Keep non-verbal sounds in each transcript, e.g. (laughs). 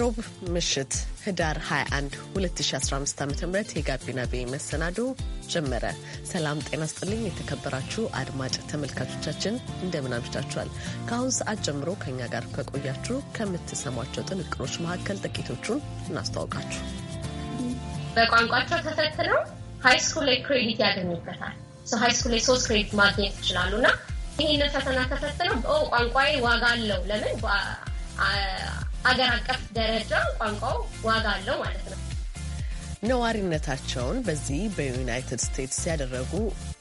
ሮብ ምሽት ህዳር 21 2015 ዓ ም የጋቢና ቤ መሰናዶ ጀመረ። ሰላም ጤና ስጥልኝ። የተከበራችሁ አድማጭ ተመልካቾቻችን እንደምን አምሽታችኋል? ከአሁን ሰዓት ጀምሮ ከእኛ ጋር ከቆያችሁ ከምትሰሟቸው ጥንቅሮች መካከል ጥቂቶቹን እናስተዋውቃችሁ። በቋንቋቸው ተፈትነው ሃይስኩል ላይ ክሬዲት ያገኙበታል። ሃይስኩል ላይ ሶስት ክሬዲት ማግኘት ይችላሉና ይህንን ፈተና ተፈትነው ቋንቋዬ ዋጋ አለው ለምን ሀገር አቀፍ ደረጃ ቋንቋው ዋጋ አለው ማለት ነው። ነዋሪነታቸውን በዚህ በዩናይትድ ስቴትስ ያደረጉ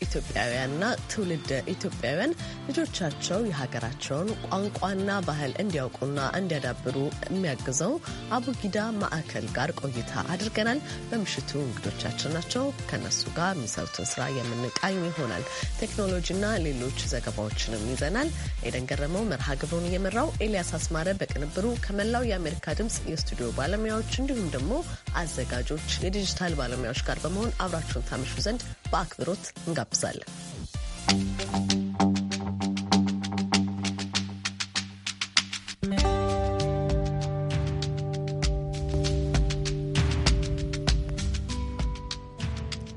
ኢትዮጵያውያንና ትውልደ ኢትዮጵያውያን ልጆቻቸው የሀገራቸውን ቋንቋና ባህል እንዲያውቁና እንዲያዳብሩ የሚያግዘው አቡጊዳ ማዕከል ጋር ቆይታ አድርገናል። በምሽቱ እንግዶቻችን ናቸው። ከነሱ ጋር የሚሰሩትን ስራ የምንቃኝ ይሆናል። ቴክኖሎጂና ሌሎች ዘገባዎችንም ይዘናል። ኤደን ገረመው መርሃ ግብሩን እየመራው፣ ኤልያስ አስማረ በቅንብሩ ከመላው የአሜሪካ ድምፅ የስቱዲዮ ባለሙያዎች እንዲሁም ደግሞ አዘጋጆች የዲጂታል ባለሙያዎች ጋር በመሆን አብራችሁን ታመሹ ዘንድ በአክብሮት እንጋብዛለን።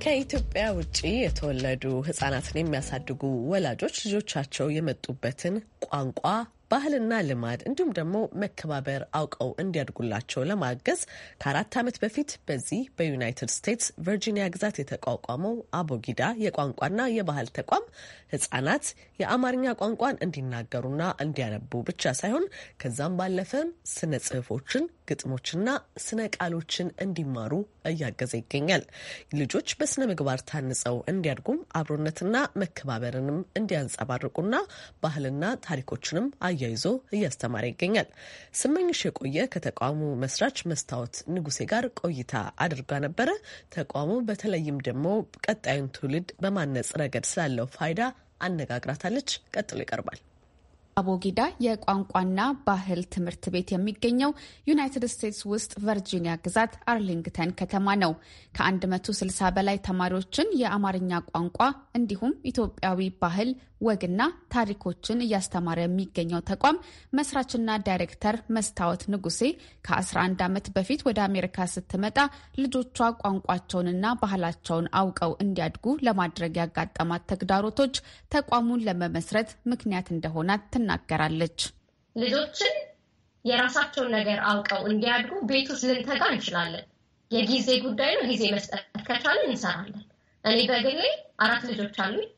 ከኢትዮጵያ ውጭ የተወለዱ ህጻናትን የሚያሳድጉ ወላጆች ልጆቻቸው የመጡበትን ቋንቋ ባህልና ልማድ እንዲሁም ደግሞ መከባበር አውቀው እንዲያድጉላቸው ለማገዝ ከአራት ዓመት በፊት በዚህ በዩናይትድ ስቴትስ ቨርጂኒያ ግዛት የተቋቋመው አቦጊዳ የቋንቋና የባህል ተቋም ህጻናት የአማርኛ ቋንቋን እንዲናገሩና እንዲያነቡ ብቻ ሳይሆን ከዛም ባለፈም ስነ ጽሁፎችን ግጥሞችና ስነ ቃሎችን እንዲማሩ እያገዘ ይገኛል። ልጆች በስነ ምግባር ታንጸው እንዲያድጉም አብሮነትና መከባበርንም እንዲያንጸባርቁና ባህልና ታሪኮችንም አያይዞ እያስተማረ ይገኛል። ስመኝሽ የቆየ ከተቋሙ መስራች መስታወት ንጉሴ ጋር ቆይታ አድርጋ ነበረ። ተቋሙ በተለይም ደግሞ ቀጣዩን ትውልድ በማነጽ ረገድ ስላለው ፋይዳ አነጋግራታለች። ቀጥሎ ይቀርባል። አቦጊዳ የቋንቋና ባህል ትምህርት ቤት የሚገኘው ዩናይትድ ስቴትስ ውስጥ ቨርጂኒያ ግዛት አርሊንግተን ከተማ ነው። ከ160 በላይ ተማሪዎችን የአማርኛ ቋንቋ እንዲሁም ኢትዮጵያዊ ባህል ወግና ታሪኮችን እያስተማረ የሚገኘው ተቋም መስራችና ዳይሬክተር መስታወት ንጉሴ ከ11 ዓመት በፊት ወደ አሜሪካ ስትመጣ ልጆቿ ቋንቋቸውንና ባህላቸውን አውቀው እንዲያድጉ ለማድረግ ያጋጠማት ተግዳሮቶች ተቋሙን ለመመስረት ምክንያት እንደሆናት ትናገራለች። ልጆችን የራሳቸውን ነገር አውቀው እንዲያድጉ ቤት ውስጥ ልንተጋ እንችላለን። የጊዜ ጉዳይ ነው። ጊዜ መስጠት ከቻለ እንሰራለን። እኔ በግሌ አራት ልጆች አሉኝ።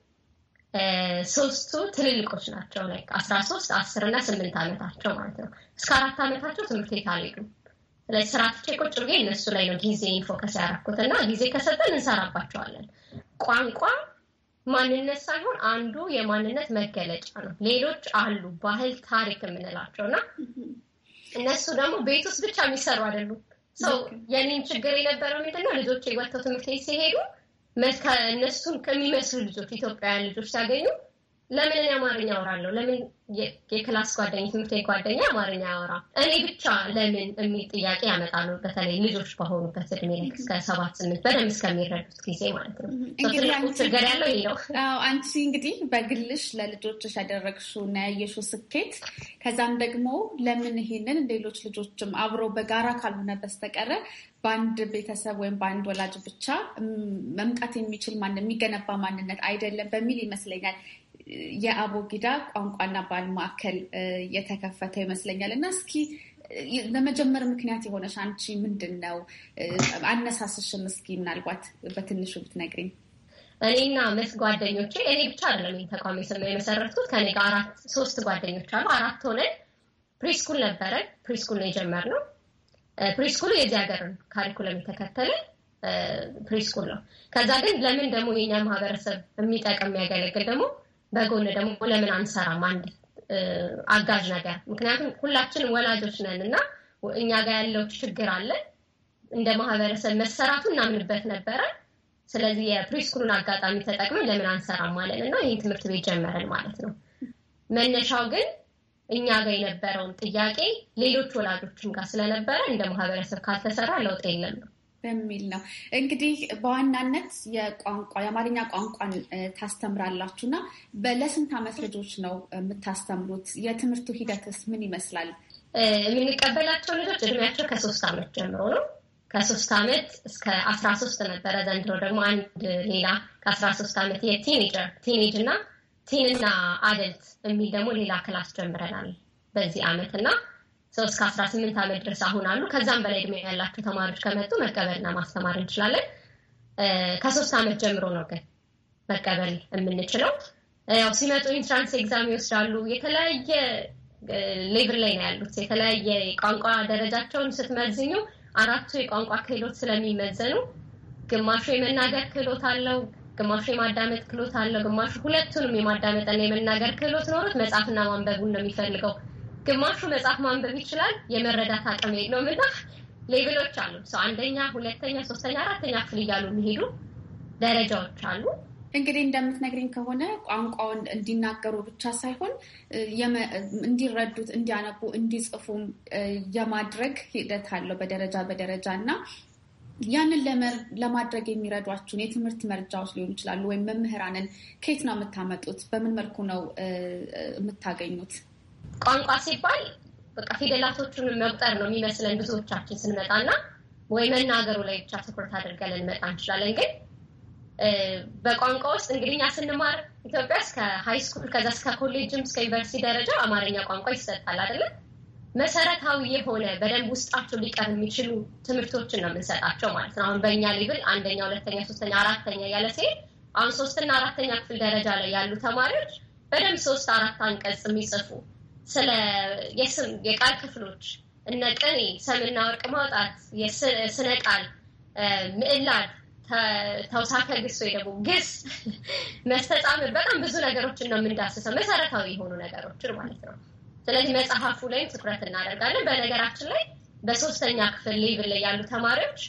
ሶስቱ ትልልቆች ናቸው። አስራ ሶስት አስር እና ስምንት ዓመታቸው ማለት ነው። እስከ አራት ዓመታቸው ትምህርት ቤት አልሄዱም። ስለዚህ ስራ ትቼ ቁጭ ብዬ እነሱ ላይ ነው ጊዜ ፎከስ ያደረኩት እና ጊዜ ከሰጠን እንሰራባቸዋለን። ቋንቋ ማንነት ሳይሆን አንዱ የማንነት መገለጫ ነው። ሌሎች አሉ ባህል፣ ታሪክ የምንላቸው እና እነሱ ደግሞ ቤት ውስጥ ብቻ የሚሰሩ አይደሉም። ሰው የኔን ችግር የነበረው ምንድነው ልጆች የወጥተው ትምህርት ቤት ሲሄዱ እነሱን ከሚመስሉ ልጆች ኢትዮጵያውያን ልጆች ሲያገኙ ለምን አማርኛ አወራለሁ? ለምን የክላስ ጓደኛ ትምህርት ጓደኛ አማርኛ አወራ እኔ ብቻ ለምን የሚል ጥያቄ ያመጣሉ። በተለይ ልጆች በሆኑበት እድሜ ላይ እስከ ሰባት ስምንት በደንብ እስከሚረዱት ጊዜ ማለት ነው። ችግር ያለው ይለው አንቺ እንግዲህ በግልሽ ለልጆችሽ ያደረግሽው እና ያየሽው ስኬት ከዛም ደግሞ ለምን ይሄንን ሌሎች ልጆችም አብሮ በጋራ ካልሆነ በስተቀረ በአንድ ቤተሰብ ወይም በአንድ ወላጅ ብቻ መምጣት የሚችል ማን የሚገነባ ማንነት አይደለም በሚል ይመስለኛል የአቦጊዳ ቋንቋና ባህል ማዕከል የተከፈተ ይመስለኛል እና እስኪ ለመጀመር ምክንያት የሆነሽ አንቺ ምንድን ነው? አነሳስሽም እስኪ ምናልባት በትንሹ ብትነግሪኝ። እኔና ምስ ጓደኞቼ እኔ ብቻ አይደለም ተቋም የሰማ የመሰረትኩት ከኔ ጋር አራት ሶስት ጓደኞች አሉ። አራት ሆነን ፕሪስኩል ነበረ። ፕሪስኩል ነው የጀመርነው። ፕሪስኩሉ የዚህ ሀገር ካሪኩለም የተከተለ ፕሪስኩል ነው። ከዛ ግን ለምን ደግሞ የኛ ማህበረሰብ የሚጠቅም የሚያገለግል ደግሞ በጎን ደግሞ ለምን አንሰራም አንድ አጋዥ ነገር። ምክንያቱም ሁላችንም ወላጆች ነን እና እኛ ጋር ያለው ችግር አለ እንደ ማህበረሰብ መሰራቱ እናምንበት ነበረ። ስለዚህ የፕሪስኩሉን አጋጣሚ ተጠቅመን ለምን አንሰራም ማለት እና ይህን ትምህርት ቤት ጀመረን ማለት ነው። መነሻው ግን እኛ ጋር የነበረውን ጥያቄ ሌሎች ወላጆችም ጋር ስለነበረ እንደ ማህበረሰብ ካልተሰራ ለውጥ የለም ነው። በሚል ነው እንግዲህ በዋናነት የቋንቋ የአማርኛ ቋንቋን ታስተምራላችሁ እና በለስንት አመት ልጆች ነው የምታስተምሩት? የትምህርቱ ሂደትስ ምን ይመስላል? የምንቀበላቸው ልጆች እድሜያቸው ከሶስት ዓመት ጀምሮ ነው። ከሶስት አመት እስከ አስራ ሶስት ነበረ። ዘንድሮ ደግሞ አንድ ሌላ ከአስራ ሶስት ዓመት የቲኔጀር ቲኔጅ እና ቲንና አደልት የሚል ደግሞ ሌላ ክላስ ጀምረናል በዚህ አመት እና ሶስት እስከ አስራ ስምንት ዓመት ድረስ አሁን አሉ። ከዛም በላይ እድሜ ያላቸው ተማሪዎች ከመጡ መቀበልና ማስተማር እንችላለን። ከሶስት ዓመት ጀምሮ ነው ግን መቀበል የምንችለው። ያው ሲመጡ ኢንትራንስ ኤግዛም ይወስዳሉ። የተለያየ ሌቭል ላይ ነው ያሉት። የተለያየ የቋንቋ ደረጃቸውን ስትመዝኙ አራቱ የቋንቋ ክህሎት ስለሚመዘኑ ግማሹ የመናገር ክህሎት አለው፣ ግማሹ የማዳመጥ ክህሎት አለው፣ ግማሹ ሁለቱንም የማዳመጥና የመናገር ክህሎት ኖሮት መጽሐፍና ማንበቡን ነው የሚፈልገው። ግማሹ መጽሐፍ ማንበብ ይችላል፣ የመረዳት አቅም የለውም እና ሌቭሎች አሉ። ሰው አንደኛ፣ ሁለተኛ፣ ሶስተኛ፣ አራተኛ ክፍል እያሉ የሚሄዱ ደረጃዎች አሉ። እንግዲህ እንደምትነግሪኝ ከሆነ ቋንቋውን እንዲናገሩ ብቻ ሳይሆን እንዲረዱት፣ እንዲያነቡ፣ እንዲጽፉም የማድረግ ሂደት አለው በደረጃ በደረጃ እና ያንን ለማድረግ የሚረዷችሁን የትምህርት መርጃዎች ሊሆኑ ይችላሉ ወይም መምህራንን ከየት ነው የምታመጡት? በምን መልኩ ነው የምታገኙት? ቋንቋ ሲባል በቃ ፊደላቶቹን መቁጠር ነው የሚመስለን ብዙዎቻችን ስንመጣና ወይ መናገሩ ላይ ብቻ ትኩረት አድርገን ልንመጣ እንችላለን። ግን በቋንቋ ውስጥ እንግሊኛ ስንማር ኢትዮጵያ እስከ ሃይስኩል ስኩል ከዛ እስከ ኮሌጅም እስከ ዩኒቨርሲቲ ደረጃ አማርኛ ቋንቋ ይሰጣል አይደለም። መሰረታዊ የሆነ በደንብ ውስጣቸው ሊቀር የሚችሉ ትምህርቶችን ነው የምንሰጣቸው ማለት ነው። አሁን በእኛ ሌብል አንደኛ፣ ሁለተኛ፣ ሶስተኛ፣ አራተኛ እያለ ሲሄድ አሁን ሶስትና አራተኛ ክፍል ደረጃ ላይ ያሉ ተማሪዎች በደንብ ሶስት አራት አንቀጽ የሚጽፉ ስለ የስም የቃል ክፍሎች እነ ቅኔ፣ ሰምና ወርቅ ማውጣት፣ የስነ ቃል፣ ምዕላድ፣ ተውሳከ ግስ ወይ ደግሞ ግስ (laughs) መስተጻም፣ በጣም ብዙ ነገሮችን ነው የምንዳስሰው መሰረታዊ የሆኑ ነገሮችን ማለት ነው። ስለዚህ መጽሐፉ ላይም ትኩረት እናደርጋለን። በነገራችን ላይ በሶስተኛ ክፍል ሌቭል ላይ ያሉ ተማሪዎች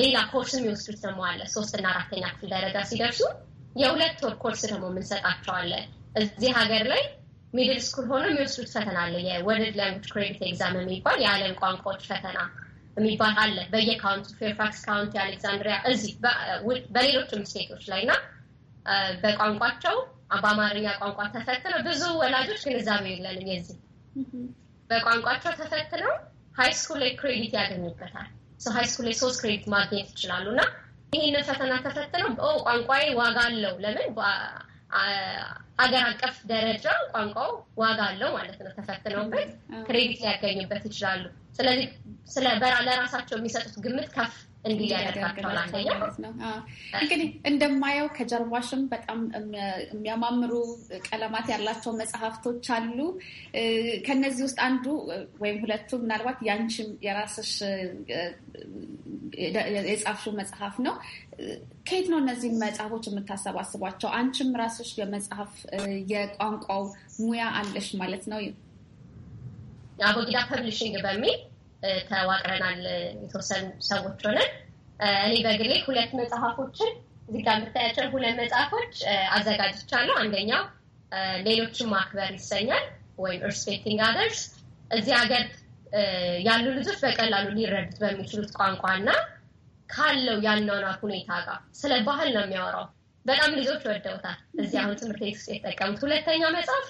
ሌላ ኮርስ የሚወስዱት ደግሞ አለ። ሶስትና አራተኛ ክፍል ደረጃ ሲደርሱ የሁለት ወር ኮርስ ደግሞ የምንሰጣቸዋለን እዚህ ሀገር ላይ ሚድል ስኩል ሆኖ የሚወስዱት ፈተና አለ። የወርልድ ላንጉጅ ክሬዲት ኤግዛም የሚባል የዓለም ቋንቋዎች ፈተና የሚባል አለ በየካውንቲ ፌርፋክስ ካውንቲ፣ አሌክዛንድሪያ፣ እዚህ በሌሎችም ስቴቶች ላይ እና በቋንቋቸው በአማርኛ ቋንቋ ተፈትነው ብዙ ወላጆች ግንዛቤ የለንም የዚህ በቋንቋቸው ተፈትነው ሀይ ስኩል ላይ ክሬዲት ያገኙበታል። ሀይ ስኩል ላይ ሶስት ክሬዲት ማግኘት ይችላሉ እና ይህንን ፈተና ተፈትነው ቋንቋዬ ዋጋ አለው ለምን አገር አቀፍ ደረጃ ቋንቋው ዋጋ አለው ማለት ነው። ተፈትነውበት ክሬዲት ሊያገኙበት ይችላሉ። ስለዚህ ለራሳቸው የሚሰጡት ግምት ከፍ እንግዲህ እንደማየው ከጀርባሽም በጣም የሚያማምሩ ቀለማት ያላቸው መጽሐፍቶች አሉ። ከነዚህ ውስጥ አንዱ ወይም ሁለቱ ምናልባት ያንቺም የራስሽ የጻፍሽው መጽሐፍ ነው። ከየት ነው እነዚህ መጽሐፎች የምታሰባስቧቸው? አንቺም ራስሽ የመጽሐፍ የቋንቋው ሙያ አለሽ ማለት ነው። አቦጊዳ ፐብሊሽንግ በሚል ተዋቅረናል። የተወሰኑ ሰዎች ሆነን እኔ በግሌ ሁለት መጽሐፎችን እዚህ ጋር የምታያቸው ሁለት መጽሐፎች አዘጋጅቻለሁ። አንደኛው ሌሎችን ማክበር ይሰኛል ወይም ሪስፔክቲንግ አደርስ እዚህ ሀገር ያሉ ልጆች በቀላሉ ሊረዱት በሚችሉት ቋንቋ እና ካለው ያኗኗር ሁኔታ ጋር ስለ ባህል ነው የሚያወራው። በጣም ልጆች ወደውታል። እዚህ አሁን ትምህርት ቤት ውስጥ የተጠቀሙት ሁለተኛው መጽሐፍ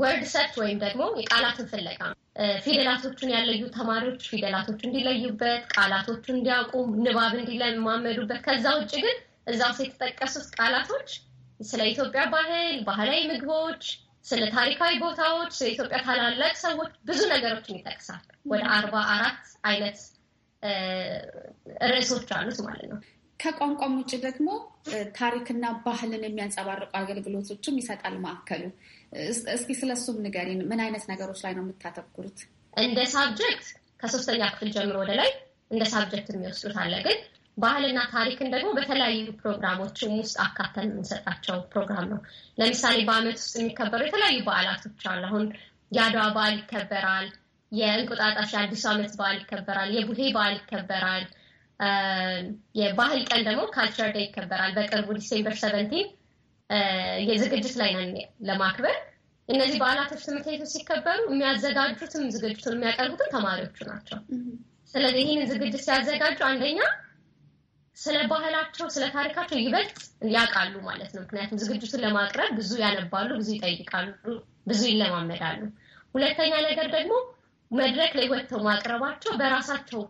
ወርድ ሰርች ወይም ደግሞ የቃላትን ፍለጋ ፊደላቶቹን ያለዩ ተማሪዎች ፊደላቶቹ እንዲለዩበት፣ ቃላቶቹ እንዲያውቁ፣ ንባብ እንዲለማመዱበት። ከዛ ውጭ ግን እዛ ውስጥ የተጠቀሱት ቃላቶች ስለ ኢትዮጵያ ባህል፣ ባህላዊ ምግቦች፣ ስለ ታሪካዊ ቦታዎች፣ ስለ ኢትዮጵያ ታላላቅ ሰዎች ብዙ ነገሮችን ይጠቅሳል። ወደ አርባ አራት አይነት ርዕሶች አሉት ማለት ነው። ከቋንቋም ውጭ ደግሞ ታሪክና ባህልን የሚያንጸባርቁ አገልግሎቶችም ይሰጣል ማዕከሉ። እስኪ ስለሱም ንገሪን። ምን አይነት ነገሮች ላይ ነው የምታተኩሩት? እንደ ሳብጀክት ከሶስተኛ ክፍል ጀምሮ ወደ ላይ እንደ ሳብጀክት የሚወስዱት አለ። ግን ባህልና ታሪክን ደግሞ በተለያዩ ፕሮግራሞችም ውስጥ አካተን የምንሰጣቸው ፕሮግራም ነው። ለምሳሌ በአመት ውስጥ የሚከበሩ የተለያዩ በዓላቶች አሉ። አሁን የአድዋ በዓል ይከበራል። የእንቁጣጣሽ የአዲሱ ዓመት በዓል ይከበራል። የቡሄ በዓል ይከበራል። የባህል ቀን ደግሞ ካልቸር ዴይ ይከበራል። በቅርቡ ዲሴምበር ሰቨንቲን የዝግጅት ላይ ነን ለማክበር። እነዚህ በዓላቶች ትምህርት ቤቶች ሲከበሩ የሚያዘጋጁትም ዝግጅቱን የሚያቀርቡትም ተማሪዎቹ ናቸው። ስለዚህ ይህንን ዝግጅት ሲያዘጋጁ አንደኛ ስለ ባህላቸው፣ ስለ ታሪካቸው ይበልጥ ያውቃሉ ማለት ነው። ምክንያቱም ዝግጅቱን ለማቅረብ ብዙ ያነባሉ፣ ብዙ ይጠይቃሉ፣ ብዙ ይለማመዳሉ። ሁለተኛ ነገር ደግሞ መድረክ ላይ ወጥተው ማቅረባቸው በራሳቸው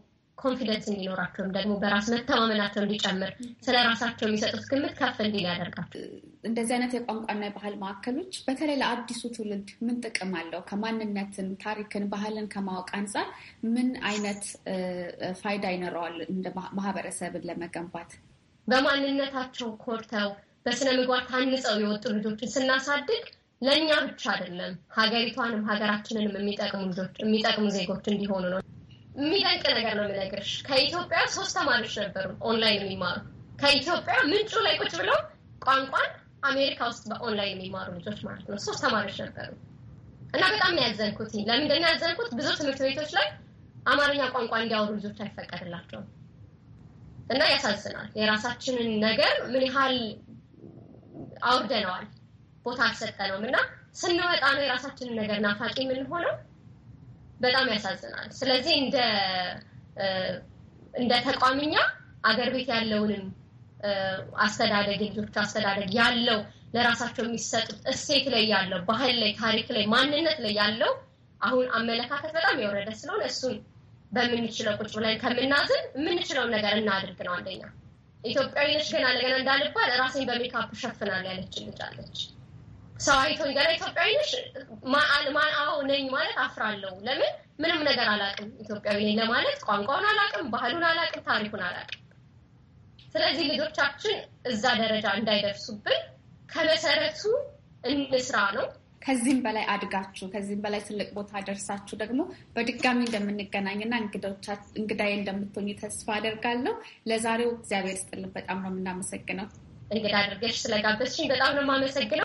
ኮንፊደንስ እንዲኖራቸውም ደግሞ በራስ መተማመናቸው እንዲጨምር ስለ ራሳቸው የሚሰጡት ግምት ከፍ እንዲል ያደርጋቸው። እንደዚህ አይነት የቋንቋና የባህል ማዕከሎች በተለይ ለአዲሱ ትውልድ ምን ጥቅም አለው? ከማንነትን፣ ታሪክን፣ ባህልን ከማወቅ አንጻር ምን አይነት ፋይዳ ይኖረዋል? እንደ ማህበረሰብን ለመገንባት በማንነታቸው ኮርተው በስነ ምግባር ታንጸው የወጡ ልጆችን ስናሳድግ ለእኛ ብቻ አይደለም ሀገሪቷንም ሀገራችንንም የሚጠቅሙ ልጆች የሚጠቅሙ ዜጎች እንዲሆኑ ነው። የሚደንቅ ነገር ነው የምነግርሽ። ከኢትዮጵያ ሶስት ተማሪዎች ነበሩ ኦንላይን የሚማሩ ከኢትዮጵያ ምንጩ ላይ ቁጭ ብለው ቋንቋን አሜሪካ ውስጥ በኦንላይን የሚማሩ ልጆች ማለት ነው። ሶስት ተማሪዎች ነበሩ እና በጣም ያዘንኩት ለምንድን ያዘንኩት ብዙ ትምህርት ቤቶች ላይ አማርኛ ቋንቋ እንዲያወሩ ልጆች አይፈቀድላቸውም እና ያሳዝናል። የራሳችንን ነገር ምን ያህል አውርደነዋል፣ ቦታ አልሰጠነውም እና ስንወጣ ነው የራሳችንን ነገር ናፋቂ የምንሆነው። በጣም ያሳዝናል። ስለዚህ እንደ እንደ ተቋሚኛ አገር ቤት ያለውንም አስተዳደግ ልጆች አስተዳደግ ያለው ለራሳቸው የሚሰጡት እሴት ላይ ያለው ባህል ላይ ታሪክ ላይ ማንነት ላይ ያለው አሁን አመለካከት በጣም የወረደ ስለሆነ እሱን በምንችለው ቁጭ ብለን ከምናዝን የምንችለውን ነገር እናድርግ ነው አንደኛ። ኢትዮጵያዊ ነች ገና ለገና እንዳልባል ራሴን በሜካፕ ሸፍናል ያለች ልጅ አለች። ሰው አይቶኝ ገና ኢትዮጵያዊ ነሽ አዎ ነኝ ማለት አፍራለሁ። ለምን ምንም ነገር አላውቅም ኢትዮጵያዊ ነኝ ለማለት ቋንቋውን አላውቅም፣ ባህሉን አላውቅም፣ ታሪኩን አላውቅም። ስለዚህ ልጆቻችን እዛ ደረጃ እንዳይደርሱብን ከመሰረቱ እንስራ ነው። ከዚህም በላይ አድጋችሁ ከዚህም በላይ ትልቅ ቦታ ደርሳችሁ ደግሞ በድጋሚ እንደምንገናኝና እንግዳዬ እንደምትሆኝ ተስፋ አደርጋለሁ። ለዛሬው እግዚአብሔር ስጥልን በጣም ነው የምናመሰግነው። እንግዳ አድርገሽ ስለጋበዝሽኝ በጣም ነው የማመሰግነው።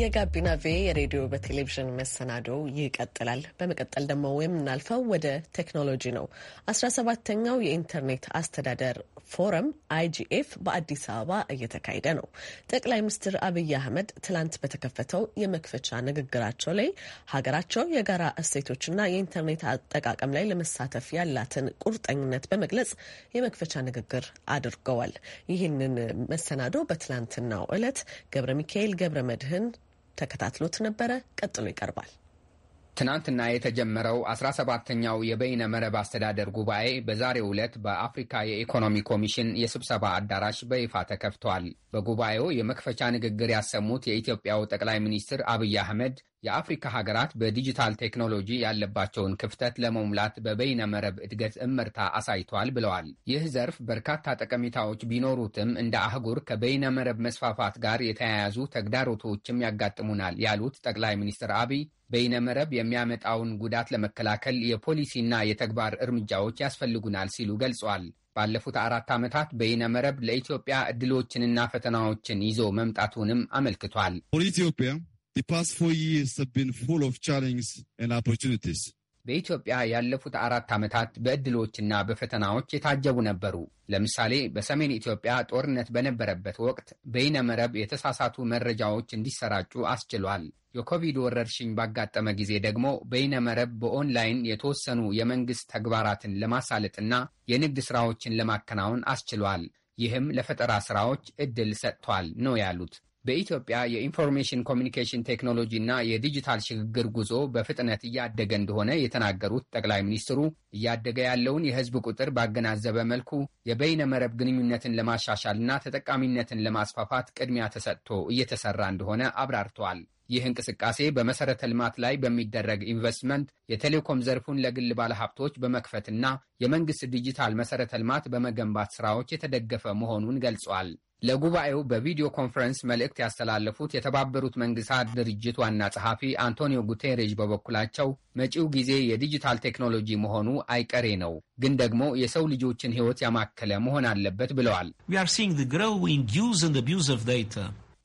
የጋቢና ቬ የሬዲዮ በቴሌቪዥን መሰናዶ ይቀጥላል። በመቀጠል ደግሞ የምናልፈው ወደ ቴክኖሎጂ ነው። አስራ ሰባተኛው የኢንተርኔት አስተዳደር ፎረም አይጂኤፍ በአዲስ አበባ እየተካሄደ ነው። ጠቅላይ ሚኒስትር አብይ አህመድ ትላንት በተከፈተው የመክፈቻ ንግግራቸው ላይ ሀገራቸው የጋራ እሴቶችና የኢንተርኔት አጠቃቀም ላይ ለመሳተፍ ያላትን ቁርጠኝነት በመግለጽ የመክፈቻ ንግግር አድርገዋል። ይህንን መሰናዶ በትላንትናው ዕለት ገብረ ሚካኤል ገብረ መድህን ተከታትሎት ነበረ። ቀጥሎ ይቀርባል። ትናንትና የተጀመረው 17ተኛው የበይነ መረብ አስተዳደር ጉባኤ በዛሬው ዕለት በአፍሪካ የኢኮኖሚ ኮሚሽን የስብሰባ አዳራሽ በይፋ ተከፍቷል። በጉባኤው የመክፈቻ ንግግር ያሰሙት የኢትዮጵያው ጠቅላይ ሚኒስትር አብይ አህመድ የአፍሪካ ሀገራት በዲጂታል ቴክኖሎጂ ያለባቸውን ክፍተት ለመሙላት በበይነ መረብ እድገት እመርታ አሳይቷል ብለዋል። ይህ ዘርፍ በርካታ ጠቀሜታዎች ቢኖሩትም እንደ አህጉር ከበይነ መረብ መስፋፋት ጋር የተያያዙ ተግዳሮቶችም ያጋጥሙናል ያሉት ጠቅላይ ሚኒስትር አብይ በይነ መረብ የሚያመጣውን ጉዳት ለመከላከል የፖሊሲና የተግባር እርምጃዎች ያስፈልጉናል ሲሉ ገልጿል። ባለፉት አራት ዓመታት በይነ መረብ ለኢትዮጵያ እድሎችንና ፈተናዎችን ይዞ መምጣቱንም አመልክቷል። በኢትዮጵያ ያለፉት አራት ዓመታት በዕድሎችና በፈተናዎች የታጀቡ ነበሩ። ለምሳሌ በሰሜን ኢትዮጵያ ጦርነት በነበረበት ወቅት በይነ መረብ የተሳሳቱ መረጃዎች እንዲሰራጩ አስችሏል። የኮቪድ ወረርሽኝ ባጋጠመ ጊዜ ደግሞ በይነ መረብ በኦንላይን የተወሰኑ የመንግሥት ተግባራትን ለማሳለጥና የንግድ ሥራዎችን ለማከናወን አስችሏል። ይህም ለፈጠራ ሥራዎች ዕድል ሰጥቷል ነው ያሉት በኢትዮጵያ የኢንፎርሜሽን ኮሚኒኬሽን ቴክኖሎጂ እና የዲጂታል ሽግግር ጉዞ በፍጥነት እያደገ እንደሆነ የተናገሩት ጠቅላይ ሚኒስትሩ እያደገ ያለውን የሕዝብ ቁጥር ባገናዘበ መልኩ የበይነ መረብ ግንኙነትን ለማሻሻልና ተጠቃሚነትን ለማስፋፋት ቅድሚያ ተሰጥቶ እየተሰራ እንደሆነ አብራርተዋል። ይህ እንቅስቃሴ በመሰረተ ልማት ላይ በሚደረግ ኢንቨስትመንት የቴሌኮም ዘርፉን ለግል ባለሀብቶች በመክፈትና የመንግስት ዲጂታል መሰረተ ልማት በመገንባት ስራዎች የተደገፈ መሆኑን ገልጿል። ለጉባኤው በቪዲዮ ኮንፈረንስ መልእክት ያስተላለፉት የተባበሩት መንግስታት ድርጅት ዋና ጸሐፊ አንቶኒዮ ጉቴሬዥ በበኩላቸው መጪው ጊዜ የዲጂታል ቴክኖሎጂ መሆኑ አይቀሬ ነው፣ ግን ደግሞ የሰው ልጆችን ሕይወት ያማከለ መሆን አለበት ብለዋል።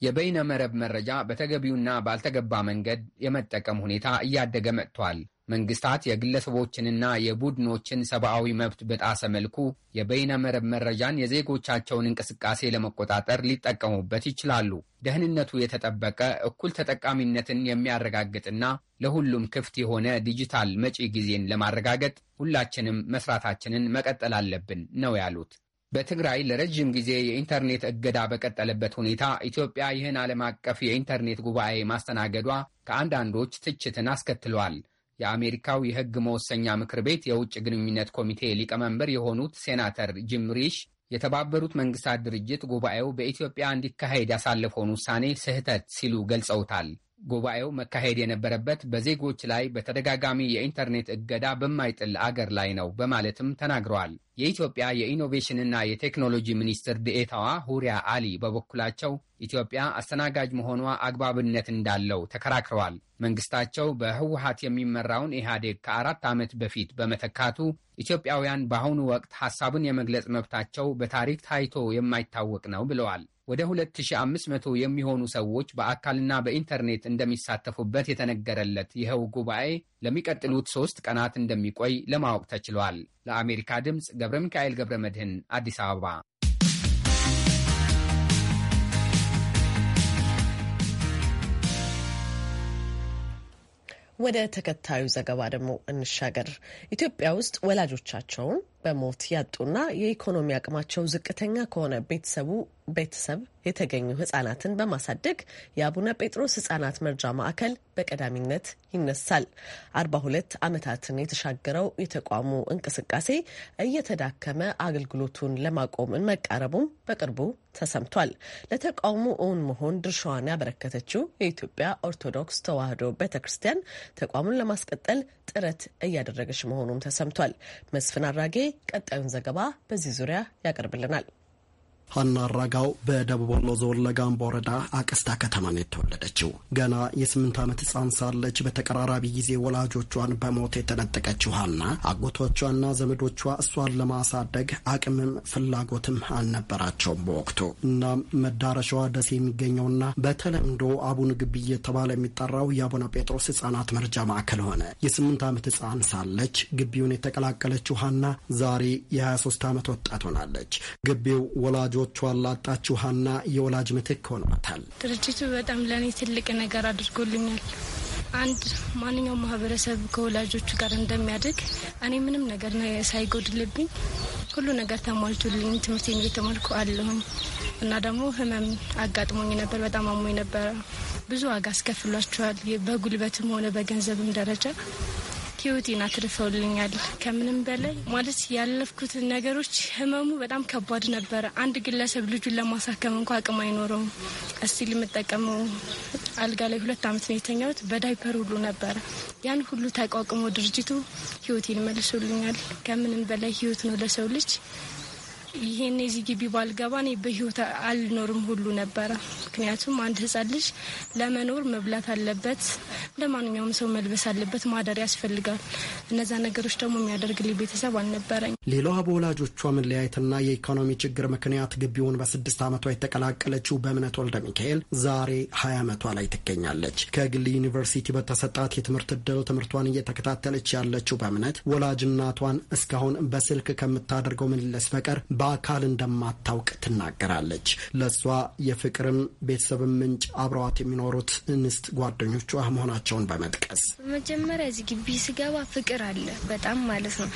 የበይነ መረብ መረጃ በተገቢውና ባልተገባ መንገድ የመጠቀም ሁኔታ እያደገ መጥቷል። መንግስታት የግለሰቦችንና የቡድኖችን ሰብአዊ መብት በጣሰ መልኩ የበይነ መረብ መረጃን የዜጎቻቸውን እንቅስቃሴ ለመቆጣጠር ሊጠቀሙበት ይችላሉ። ደህንነቱ የተጠበቀ እኩል ተጠቃሚነትን የሚያረጋግጥና ለሁሉም ክፍት የሆነ ዲጂታል መጪ ጊዜን ለማረጋገጥ ሁላችንም መስራታችንን መቀጠል አለብን ነው ያሉት። በትግራይ ለረዥም ጊዜ የኢንተርኔት እገዳ በቀጠለበት ሁኔታ ኢትዮጵያ ይህን ዓለም አቀፍ የኢንተርኔት ጉባኤ ማስተናገዷ ከአንዳንዶች ትችትን አስከትሏል። የአሜሪካው የሕግ መወሰኛ ምክር ቤት የውጭ ግንኙነት ኮሚቴ ሊቀመንበር የሆኑት ሴናተር ጂም ሪሽ የተባበሩት መንግስታት ድርጅት ጉባኤው በኢትዮጵያ እንዲካሄድ ያሳለፈውን ውሳኔ ስህተት ሲሉ ገልጸውታል። ጉባኤው መካሄድ የነበረበት በዜጎች ላይ በተደጋጋሚ የኢንተርኔት እገዳ በማይጥል አገር ላይ ነው በማለትም ተናግረዋል። የኢትዮጵያ የኢኖቬሽንና የቴክኖሎጂ ሚኒስትር ድኤታዋ ሁሪያ አሊ በበኩላቸው ኢትዮጵያ አስተናጋጅ መሆኗ አግባብነት እንዳለው ተከራክረዋል። መንግስታቸው በህወሀት የሚመራውን ኢህአዴግ ከአራት ዓመት በፊት በመተካቱ ኢትዮጵያውያን በአሁኑ ወቅት ሐሳብን የመግለጽ መብታቸው በታሪክ ታይቶ የማይታወቅ ነው ብለዋል። ወደ 2500 የሚሆኑ ሰዎች በአካልና በኢንተርኔት እንደሚሳተፉበት የተነገረለት ይኸው ጉባኤ ለሚቀጥሉት ሶስት ቀናት እንደሚቆይ ለማወቅ ተችሏል። ለአሜሪካ ድምፅ ገብረ ሚካኤል ገብረ መድህን አዲስ አበባ። ወደ ተከታዩ ዘገባ ደግሞ እንሻገር። ኢትዮጵያ ውስጥ ወላጆቻቸውን በሞት ያጡና የኢኮኖሚ አቅማቸው ዝቅተኛ ከሆነ ቤተሰቡ ቤተሰብ የተገኙ ህጻናትን በማሳደግ የአቡነ ጴጥሮስ ህጻናት መርጃ ማዕከል በቀዳሚነት ይነሳል። አርባ ሁለት ዓመታትን የተሻገረው የተቋሙ እንቅስቃሴ እየተዳከመ አገልግሎቱን ለማቆም መቃረቡም በቅርቡ ተሰምቷል። ለተቋሙ እውን መሆን ድርሻዋን ያበረከተችው የኢትዮጵያ ኦርቶዶክስ ተዋህዶ ቤተ ክርስቲያን ተቋሙን ለማስቀጠል ጥረት እያደረገች መሆኑም ተሰምቷል። መስፍን አራጌ ቀጣዩን ዘገባ በዚህ ዙሪያ ያቀርብልናል። ሀና አራጋው በደቡብ ወሎ ዞን ለጋምቦ ወረዳ አቅስታ ከተማ ነው የተወለደችው። ገና የስምንት ዓመት ሕፃን ሳለች በተቀራራቢ ጊዜ ወላጆቿን በሞት የተነጠቀችው ሀና አጎቶቿና ዘመዶቿ እሷን ለማሳደግ አቅምም ፍላጎትም አልነበራቸውም በወቅቱ። እናም መዳረሻዋ ደሴ የሚገኘውና በተለምዶ አቡነ ግቢ እየተባለ የሚጠራው የአቡነ ጴጥሮስ ሕፃናት መርጃ ማዕከል ሆነ። የስምንት ዓመት ሕፃን ሳለች ግቢውን የተቀላቀለችው ሀና ዛሬ የ23 ዓመት ወጣት ሆናለች። ግቢው ወላጆ ልጆቿን ላጣችው ሀና የወላጅ ምትክ ሆኗታል። ድርጅቱ በጣም ለእኔ ትልቅ ነገር አድርጎልኛል። አንድ ማንኛውም ማህበረሰብ ከወላጆቹ ጋር እንደሚያድግ እኔ ምንም ነገር ሳይጎድልብኝ ሁሉ ነገር ተሟልቶልኝ ትምህርቴን እየተማርኩ አለሁኝ እና ደግሞ ህመም አጋጥሞኝ ነበር። በጣም አሞኝ ነበረ። ብዙ ዋጋ አስከፍሏቸዋል፣ በጉልበትም ሆነ በገንዘብም ደረጃ ህይወቴን አትርፈውልኛል። ከምንም በላይ ማለት ያለፍኩት ነገሮች ህመሙ በጣም ከባድ ነበረ። አንድ ግለሰብ ልጁን ለማሳከም እንኳ አቅም አይኖረውም። እስቲ የምጠቀመው አልጋ ላይ ሁለት አመት ነው የተኛሁት። በዳይፐር ሁሉ ነበረ። ያን ሁሉ ተቋቁሞ ድርጅቱ ህይወቴን መልሶልኛል። ከምንም በላይ ህይወት ነው ለሰው ልጅ ይሄን የዚህ ግቢ ባልገባ እኔ በህይወት አልኖርም ሁሉ ነበረ። ምክንያቱም አንድ ህጻን ልጅ ለመኖር መብላት አለበት፣ እንደ ማንኛውም ሰው መልበስ አለበት፣ ማደር ያስፈልጋል። እነዛ ነገሮች ደግሞ የሚያደርግልኝ ቤተሰብ አልነበረኝ። ሌላዋ በወላጆቿ መለያየትና የኢኮኖሚ ችግር ምክንያት ግቢውን በስድስት ዓመቷ የተቀላቀለችው በእምነት ወልደ ሚካኤል ዛሬ ሀያ ዓመቷ ላይ ትገኛለች። ከግል ዩኒቨርሲቲ በተሰጣት የትምህርት እድል ትምህርቷን እየተከታተለች ያለችው በእምነት ወላጅ እናቷን እስካሁን በስልክ ከምታደርገው ምልልስ በቀር በአካል እንደማታውቅ ትናገራለች። ለእሷ የፍቅርም ቤተሰብም ምንጭ አብረዋት የሚኖሩት እንስት ጓደኞቿ መሆናቸውን በመጥቀስ መጀመሪያ እዚህ ግቢ ስገባ ፍቅር አለ በጣም ማለት ነው።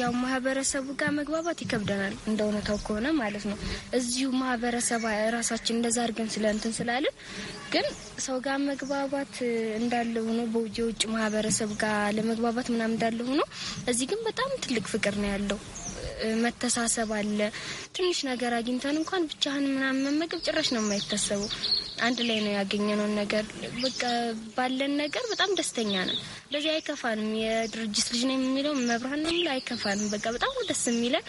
ያው ማህበረሰቡ ጋር መግባባት ይከብደናል እንደ እውነታው ከሆነ ማለት ነው። እዚሁ ማህበረሰብ ራሳችን እንደዛ አድርገን ስለንትን ስላለን ግን ሰው ጋር መግባባት እንዳለ ሆኖ በውጭ ማህበረሰብ ጋር ለመግባባት ምናምን እንዳለ ሆኖ እዚህ ግን በጣም ትልቅ ፍቅር ነው ያለው። መተሳሰብ አለ። ትንሽ ነገር አግኝተን እንኳን ብቻህን ምናምን መመገብ ጭራሽ ነው የማይታሰቡ። አንድ ላይ ነው ያገኘነውን ነገር በቃ ባለን ነገር በጣም ደስተኛ ነን። በዚህ አይከፋንም። የድርጅት ልጅ ነው የሚለው መብርሃን ነው የሚለው አይከፋንም። በቃ በጣም ደስ የሚለን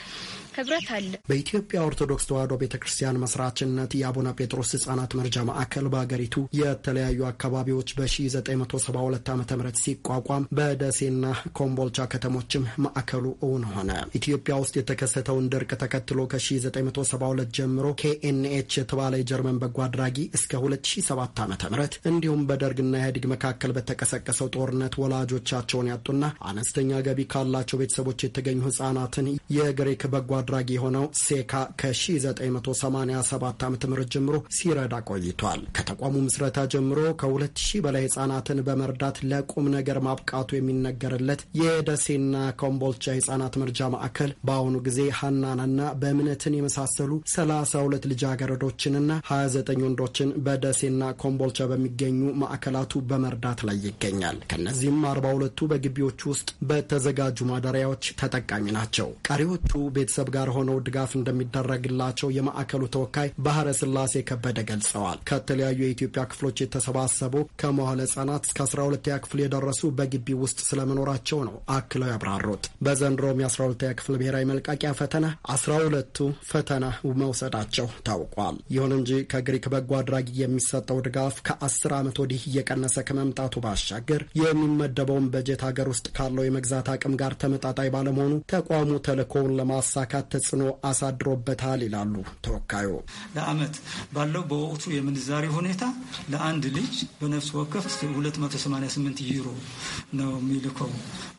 ህብረት አለ። በኢትዮጵያ ኦርቶዶክስ ተዋሕዶ ቤተ ክርስቲያን መስራችነት የአቡነ ጴጥሮስ ህጻናት መርጃ ማዕከል በሀገሪቱ የተለያዩ አካባቢዎች በ1972 ዓ ም ሲቋቋም በደሴና ኮምቦልቻ ከተሞችም ማዕከሉ እውን ሆነ። ኢትዮጵያ ውስጥ የተከሰተውን ድርቅ ተከትሎ ከ1972 ጀምሮ ኬኤንኤች የተባለ የጀርመን በጎ አድራጊ እስከ 2007 ዓ ም እንዲሁም በደርግና ኢህአዴግ መካከል በተቀሰቀሰው ጦርነት ወላጆቻቸውን ያጡና አነስተኛ ገቢ ካላቸው ቤተሰቦች የተገኙ ህጻናትን የግሪክ በጎ አድራጊ የሆነው ሴካ ከ1987 ዓ ም ጀምሮ ሲረዳ ቆይቷል። ከተቋሙ ምስረታ ጀምሮ ከ2000 በላይ ህጻናትን በመርዳት ለቁም ነገር ማብቃቱ የሚነገርለት የደሴና ኮምቦልቻ ህጻናት መርጃ ማዕከል በአሁኑ ጊዜ ሀናናና በእምነትን የመሳሰሉ 32 ልጃገረዶችንና 29 ወንዶችን በደሴና ኮምቦልቻ በሚገኙ ማዕከላቱ በመርዳት ላይ ይገኛል። ከነዚህም 42ቱ በግቢዎች ውስጥ በተዘጋጁ ማደሪያዎች ተጠቃሚ ናቸው። ቀሪዎቹ ቤተሰብ ጋር ሆነው ድጋፍ እንደሚደረግላቸው የማዕከሉ ተወካይ ባህረ ስላሴ ከበደ ገልጸዋል። ከተለያዩ የኢትዮጵያ ክፍሎች የተሰባሰቡ ከመዋለ ህጻናት እስከ 12ኛ ክፍል የደረሱ በግቢ ውስጥ ስለመኖራቸው ነው አክለው ያብራሩት። በዘንድሮም የ12ኛ ክፍል ብሔራዊ መልቃቂያ ፈተና 12ቱ ፈተና መውሰዳቸው ታውቋል። ይሁን እንጂ ከግሪክ በጎ አድራጊ የሚሰጠው ድጋፍ ከ10 ዓመት ወዲህ እየቀነሰ ከመምጣቱ ባሻገር የሚመደበውን በጀት ሀገር ውስጥ ካለው የመግዛት አቅም ጋር ተመጣጣኝ ባለመሆኑ ተቋሙ ተልእኮውን ለማሳካት ጉዳት ተጽዕኖ አሳድሮበታል ይላሉ ተወካዩ። ለአመት ባለው በወቅቱ የምንዛሬ ሁኔታ ለአንድ ልጅ በነፍስ ወከፍ 288 ዩሮ ነው የሚልከው።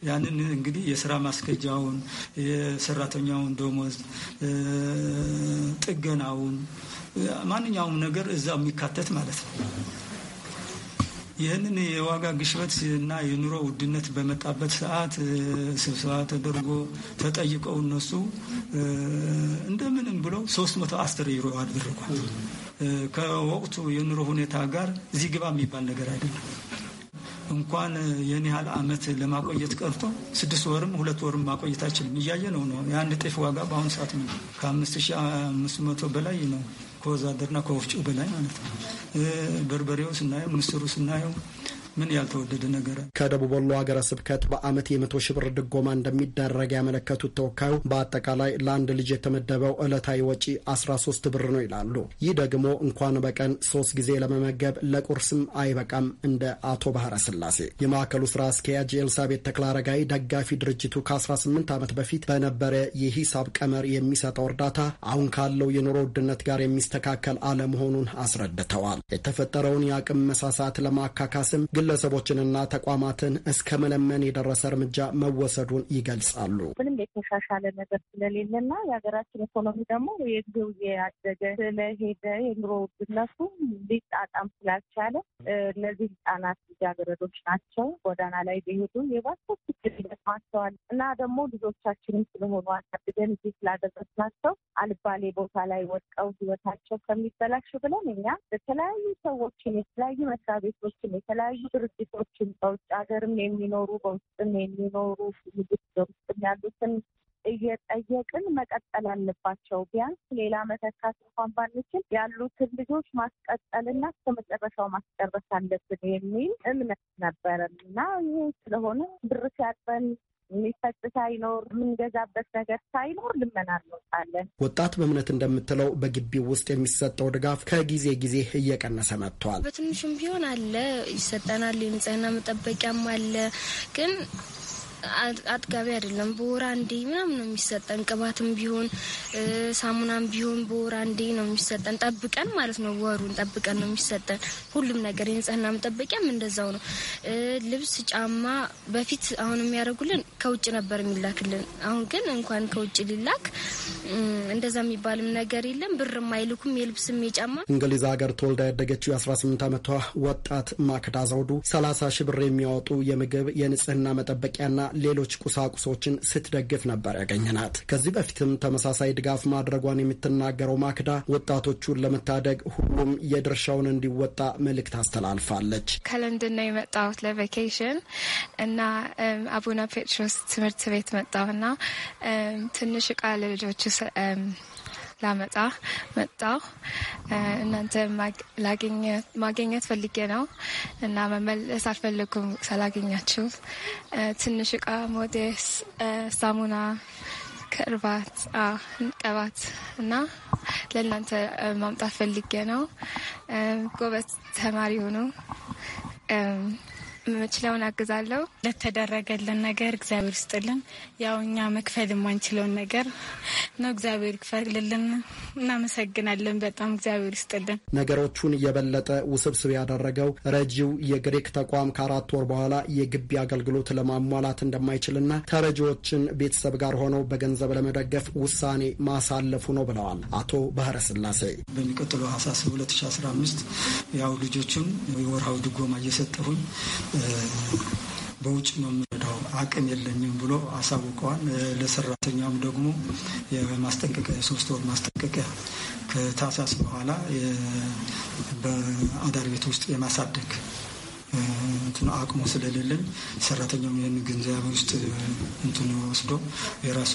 ያንን እንግዲህ የስራ ማስኬጃውን፣ የሰራተኛውን ደሞዝ፣ ጥገናውን ማንኛውም ነገር እዛው የሚካተት ማለት ነው። ይህንን የዋጋ ግሽበት እና የኑሮ ውድነት በመጣበት ሰዓት ስብሰባ ተደርጎ ተጠይቀው እነሱ እንደምንም ብለው 310 ዩሮ አድርጓል። ከወቅቱ የኑሮ ሁኔታ ጋር እዚህ ግባ የሚባል ነገር አይደለም። እንኳን የኔ ያህል አመት ለማቆየት ቀርቶ ስድስት ወርም ሁለት ወርም ማቆየት አይችልም። እያየ ነው ነው የአንድ ጤፍ ዋጋ በአሁኑ ሰዓት ከአምስት ሺህ አምስት መቶ በላይ ነው። ከወዛደርና ከወፍጮ በላይ ማለት ነው። በርበሬው ስናየው፣ ምስሩ ስናየው ምን ያልተወደደ ነገር። ከደቡብ ወሎ ሀገረ ስብከት በአመት የመቶ ሺህ ብር ድጎማ እንደሚደረግ ያመለከቱት ተወካዩ በአጠቃላይ ለአንድ ልጅ የተመደበው ዕለታዊ ወጪ 13 ብር ነው ይላሉ። ይህ ደግሞ እንኳን በቀን ሶስት ጊዜ ለመመገብ ለቁርስም አይበቃም። እንደ አቶ ባህረ ስላሴ የማዕከሉ ስራ አስኪያጅ የኤልሳቤት ተክለ አረጋይ ደጋፊ ድርጅቱ ከ18 ዓመት በፊት በነበረ የሂሳብ ቀመር የሚሰጠው እርዳታ አሁን ካለው የኑሮ ውድነት ጋር የሚስተካከል አለመሆኑን አስረድተዋል። የተፈጠረውን የአቅም መሳሳት ለማካካስም ግል ግለሰቦችንና ተቋማትን እስከ መለመን የደረሰ እርምጃ መወሰዱን ይገልጻሉ። ምንም የተሻሻለ ነገር ስለሌለና የሀገራችን ኢኮኖሚ ደግሞ የጊዜው እያደገ ስለሄደ የኑሮ ውድነቱ ሊጣጣም ስላልቻለ እነዚህ ህጻናት ልጃገረዶች ናቸው ጎዳና ላይ ቢሄዱ የባሰ ችግር ይገጥማቸዋል እና ደግሞ ልጆቻችንም ስለሆኑ አሳድገን እዚህ ስላደረስናቸው አልባሌ ቦታ ላይ ወድቀው ህይወታቸው ከሚበላሽ ብለን እኛ የተለያዩ ሰዎችን የተለያዩ መስሪያ ቤቶችን የተለያዩ ድርጅቶችን በውጭ ሀገርም የሚኖሩ በውስጥም የሚኖሩ ምግብ በውስጥም ያሉትን እየጠየቅን መቀጠል አለባቸው። ቢያንስ ሌላ መተካት እንኳን ባንችል ያሉትን ልጆች ማስቀጠልና እስከ መጨረሻው ማስጨረስ አለብን የሚል እምነት ነበረን እና ይህ ስለሆነ ብር ሲያጥረን የሚፈጽ ሳይኖር የምንገዛበት ነገር ሳይኖር ልመና እንወጣለን። ወጣት በእምነት እንደምትለው በግቢው ውስጥ የሚሰጠው ድጋፍ ከጊዜ ጊዜ እየቀነሰ መጥቷል። በትንሹም ቢሆን አለ ይሰጠናል። የንጽህና መጠበቂያም አለ ግን አጥጋቢ አይደለም። በወር አንዴ ምናምን ነው የሚሰጠን። ቅባትም ቢሆን ሳሙናም ቢሆን በወር አንዴ ነው የሚሰጠን። ጠብቀን ማለት ነው፣ ወሩን ጠብቀን ነው የሚሰጠን። ሁሉም ነገር የንጽህና መጠበቂያም እንደዛው ነው። ልብስ፣ ጫማ በፊት አሁን የሚያደርጉልን ከውጭ ነበር የሚላክልን። አሁን ግን እንኳን ከውጭ ሊላክ እንደዛ የሚባልም ነገር የለም። ብርም አይልኩም፣ የልብስም የጫማ። እንግሊዝ ሀገር ተወልዳ ያደገችው የ18 ዓመቷ ወጣት ማክዳ ዘውዱ 30 ሺ ብር የሚያወጡ የምግብ የንጽህና መጠበቂያና ሌሎች ቁሳቁሶችን ስትደግፍ ነበር ያገኘናት። ከዚህ በፊትም ተመሳሳይ ድጋፍ ማድረጓን የምትናገረው ማክዳ ወጣቶቹን ለመታደግ ሁሉም የድርሻውን እንዲወጣ መልእክት አስተላልፋለች። ከለንደን ነው የመጣሁት ለቬኬሽን እና አቡነ ጴጥሮስ ትምህርት ቤት መጣሁና ትንሽ እቃ ለልጆቹ ላመጣ መጣሁ። እናንተ ማግኘት ፈልጌ ነው እና መመለስ አልፈለኩም ሳላገኛችሁ። ትንሽ እቃ፣ ሞዴስ፣ ሳሙና፣ ክርባት፣ ቀባት እና ለእናንተ ማምጣት ፈልጌ ነው። ጎበዝ ተማሪ ሆኑ። የምችለውን አግዛለሁ። ለተደረገልን ነገር እግዚአብሔር ይስጥልን። ያው እኛ መክፈል የማንችለውን ነገር ነው እግዚአብሔር ይክፈልልን። እናመሰግናለን። በጣም እግዚአብሔር ይስጥልን። ነገሮቹን የበለጠ ውስብስብ ያደረገው ረጂው የግሪክ ተቋም ከአራት ወር በኋላ የግቢ አገልግሎት ለማሟላት እንደማይችልና ተረጂዎችን ቤተሰብ ጋር ሆነው በገንዘብ ለመደገፍ ውሳኔ ማሳለፉ ነው ብለዋል አቶ ባህረ ስላሴ። በሚቀጥለው ሀሳስ 2015 ያው ልጆቹን የወርሃዊ ድጎማ እየሰጠሁኝ በውጭ ነው የምንረዳው አቅም የለኝም ብሎ አሳውቀዋል። ለሰራተኛውም ደግሞ የማስጠንቀቂያ የሶስት ወር ማስጠንቀቂያ ከታህሳስ በኋላ በአዳር ቤት ውስጥ የማሳደግ እንትን አቅሙ ስለሌለን ሰራተኛውም ይህን ግንዛቤ ውስጥ እንትን ወስዶ የራሱ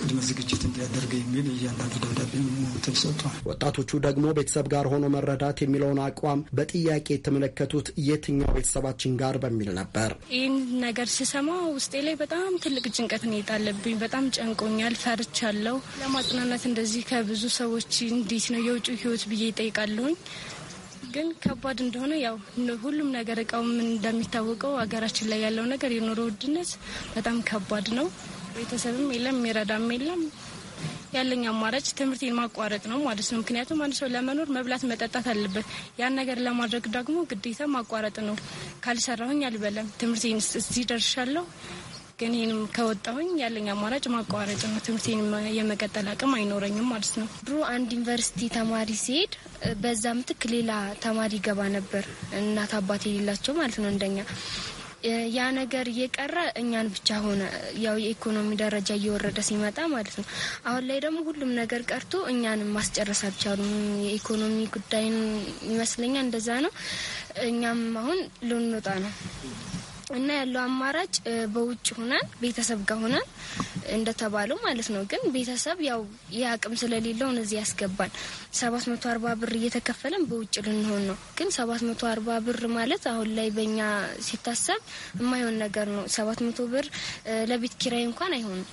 ቅድመ ዝግጅት እንዲያደርገ የሚል እያንዳንዱ ደብዳቤ እንትን ሰጥቷል። ወጣቶቹ ደግሞ ቤተሰብ ጋር ሆኖ መረዳት የሚለውን አቋም በጥያቄ የተመለከቱት የትኛው ቤተሰባችን ጋር በሚል ነበር። ይህን ነገር ስሰማ ውስጤ ላይ በጣም ትልቅ ጭንቀት ነው በጣም ጨንቆኛል፣ ፈርቻለሁ። ለማጽናናት እንደዚህ ከብዙ ሰዎች እንዴት ነው የውጭ ህይወት ብዬ ይጠይቃለሁኝ ግን ከባድ እንደሆነ ያው ሁሉም ነገር እቃው ምን እንደሚታወቀው ሀገራችን ላይ ያለው ነገር የኑሮ ውድነት በጣም ከባድ ነው። ቤተሰብም የለም፣ የሚረዳም የለም። ያለኝ አማራጭ ትምህርቴን ማቋረጥ ነው ማለት ነው። ምክንያቱም አንድ ሰው ለመኖር መብላት መጠጣት አለበት። ያን ነገር ለማድረግ ደግሞ ግዴታ ማቋረጥ ነው። ካልሰራሁኝ አልበለም። ትምህርቴን እዚህ ደርሻለሁ። ግን ይህንም ከወጣሁኝ ያለኝ አማራጭ ማቋረጥ ነው። ትምህርቴን የመቀጠል አቅም አይኖረኝም ማለት ነው። ድሮ አንድ ዩኒቨርሲቲ ተማሪ ሲሄድ በዛ ምትክ ሌላ ተማሪ ገባ ነበር። እናት አባት የሌላቸው ማለት ነው እንደኛ ያ ነገር እየቀረ እኛን ብቻ ሆነ። ያው የኢኮኖሚ ደረጃ እየወረደ ሲመጣ ማለት ነው። አሁን ላይ ደግሞ ሁሉም ነገር ቀርቶ እኛንም ማስጨረስ አልቻሉም። የኢኮኖሚ ጉዳይን ይመስለኛል እንደዛ ነው። እኛም አሁን ልንወጣ ነው። እና ያለው አማራጭ በውጭ ሆነን ቤተሰብ ጋር ሆነን እንደተባለው ማለት ነው። ግን ቤተሰብ ያው የአቅም ስለሌለው እዚህ ያስገባል። ሰባት መቶ አርባ ብር እየተከፈለን በውጭ ልንሆን ነው። ግን ሰባት መቶ አርባ ብር ማለት አሁን ላይ በእኛ ሲታሰብ የማይሆን ነገር ነው። ሰባት መቶ ብር ለቤት ኪራይ እንኳን አይሆንም።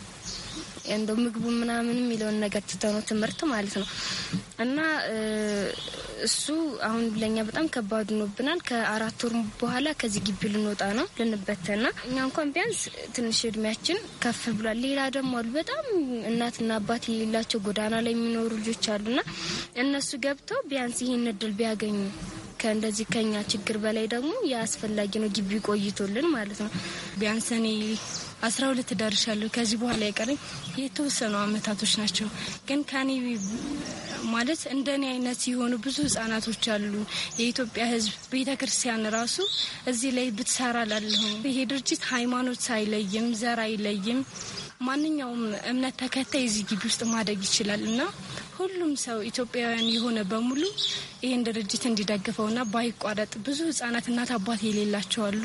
እንደ ምግቡ ምናምን የሚለውን ነገር ትተነው ትምህርት ማለት ነው እና እሱ አሁን ለኛ በጣም ከባድ ሆኖብናል። ከአራት ወር በኋላ ከዚህ ግቢ ልንወጣ ነው ልንበተና እኛ እንኳን ቢያንስ ትንሽ እድሜያችን ከፍ ብሏል። ሌላ ደግሞ አሉ በጣም እናትና አባት የሌላቸው ጎዳና ላይ የሚኖሩ ልጆች አሉና እነሱ ገብተው ቢያንስ ይህን እድል ቢያገኙ ከእንደዚህ ከኛ ችግር በላይ ደግሞ የአስፈላጊ ነው ግቢ ቆይቶልን ማለት ነው። ቢያንስ እኔ አስራ ሁለት እደርሻለሁ። ከዚህ በኋላ የቀረኝ የተወሰኑ አመታቶች ናቸው። ግን ከኔ ማለት እንደኔ አይነት የሆኑ ብዙ ህጻናቶች አሉ። የኢትዮጵያ ህዝብ ቤተ ክርስቲያን ራሱ እዚህ ላይ ብትሰራ ላለሁ ይሄ ድርጅት ሃይማኖት አይለይም፣ ዘር አይለይም ማንኛውም እምነት ተከታይ እዚህ ግቢ ውስጥ ማደግ ይችላል እና ሁሉም ሰው ኢትዮጵያውያን የሆነ በሙሉ ይህን ድርጅት እንዲደግፈውና ባይቋረጥ ብዙ ህጻናት እናት አባት የሌላቸው አሉ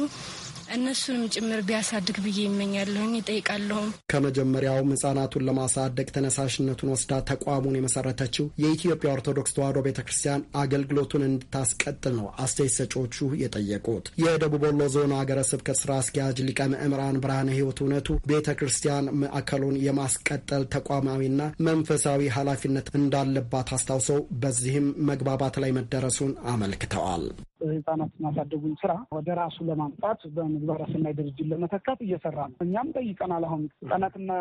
እነሱንም ጭምር ቢያሳድግ ብዬ ይመኛለሁኝ ይጠይቃለሁም። ከመጀመሪያውም ህጻናቱን ለማሳደግ ተነሳሽነቱን ወስዳ ተቋሙን የመሰረተችው የኢትዮጵያ ኦርቶዶክስ ተዋሕዶ ቤተ ክርስቲያን አገልግሎቱን እንድታስቀጥል ነው አስተያየት ሰጪዎቹ የጠየቁት። የደቡብ ወሎ ዞን ሀገረ ስብከት ስራ አስኪያጅ ሊቀ ምዕምራን ብርሃነ ህይወት እውነቱ ቤተ ክርስቲያን ማዕከሉን የማስቀጠል ተቋማዊና መንፈሳዊ ኃላፊነት እንዳለባት አስታውሰው በዚህም መግባባት ላይ መደረሱን አመልክተዋል። ህጻናት ማሳደጉን ስራ ወደ ራሱ ለማምጣት በምግባረ ሰናይ ድርጅት ለመተካት እየሰራ ነው። እኛም ጠይቀናል። አሁን ህጻናትና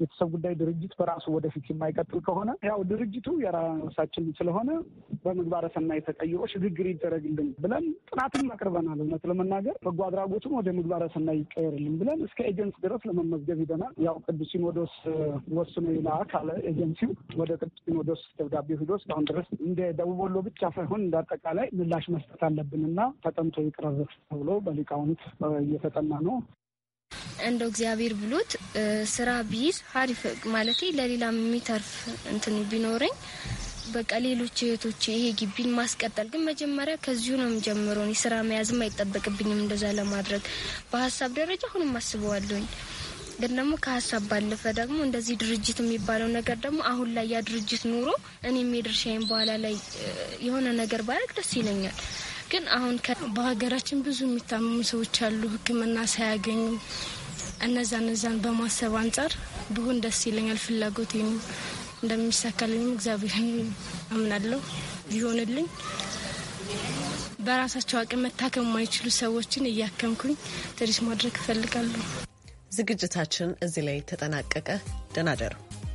ቤተሰብ ጉዳይ ድርጅት በራሱ ወደፊት የማይቀጥል ከሆነ ያው ድርጅቱ የራሳችን ስለሆነ በምግባረ ሰናይ ተቀይሮ ሽግግር ይደረግልን ብለን ጥናትም አቅርበናል። እውነት ለመናገር በጎ አድራጎቱም ወደ ምግባረ ሰናይ ይቀየርልን ብለን እስከ ኤጀንስ ድረስ ለመመዝገብ ሂደናል። ያው ቅዱስ ሲኖዶስ ወስኖ ይላክ አለ። ኤጀንሲው ወደ ቅዱስ ሲኖዶስ ደብዳቤ ሂዶ እስካሁን ድረስ እንደ ደቡብ ወሎ ብቻ ሳይሆን እንዳጠቃላይ ምላሽ መስጠት አለ አለብንና ተጠንቶ ይቅረብ ተብሎ በሊቃውንት እየተጠና ነው። እንደ እግዚአብሔር ብሎት ስራ ቢይዝ ሀሪፍ ማለት ለሌላ የሚተርፍ እንትን ቢኖረኝ በቃ ሌሎች እህቶች ይሄ ግቢን ማስቀጠል ግን መጀመሪያ ከዚሁ ነው የምጀምረው። ስራ መያዝም አይጠበቅብኝም። እንደዛ ለማድረግ በሀሳብ ደረጃ አሁንም አስበዋለሁኝ። ግን ደግሞ ከሀሳብ ባለፈ ደግሞ እንደዚህ ድርጅት የሚባለው ነገር ደግሞ አሁን ላይ ያ ድርጅት ኑሮ እኔም የድርሻዬን በኋላ ላይ የሆነ ነገር ባረግ ደስ ይለኛል። ግን አሁን በሀገራችን ብዙ የሚታመሙ ሰዎች አሉ ሕክምና ሳያገኙ እነዛ እነዛን በማሰብ አንጻር ብሆን ደስ ይለኛል። ፍላጎቴ ነው። እንደሚሳካልኝም እግዚአብሔርን አምናለሁ። ቢሆንልኝ በራሳቸው አቅም መታከም የማይችሉ ሰዎችን እያከምኩኝ ትሪስ ማድረግ እፈልጋለሁ። ዝግጅታችን እዚህ ላይ ተጠናቀቀ። ደናደሩ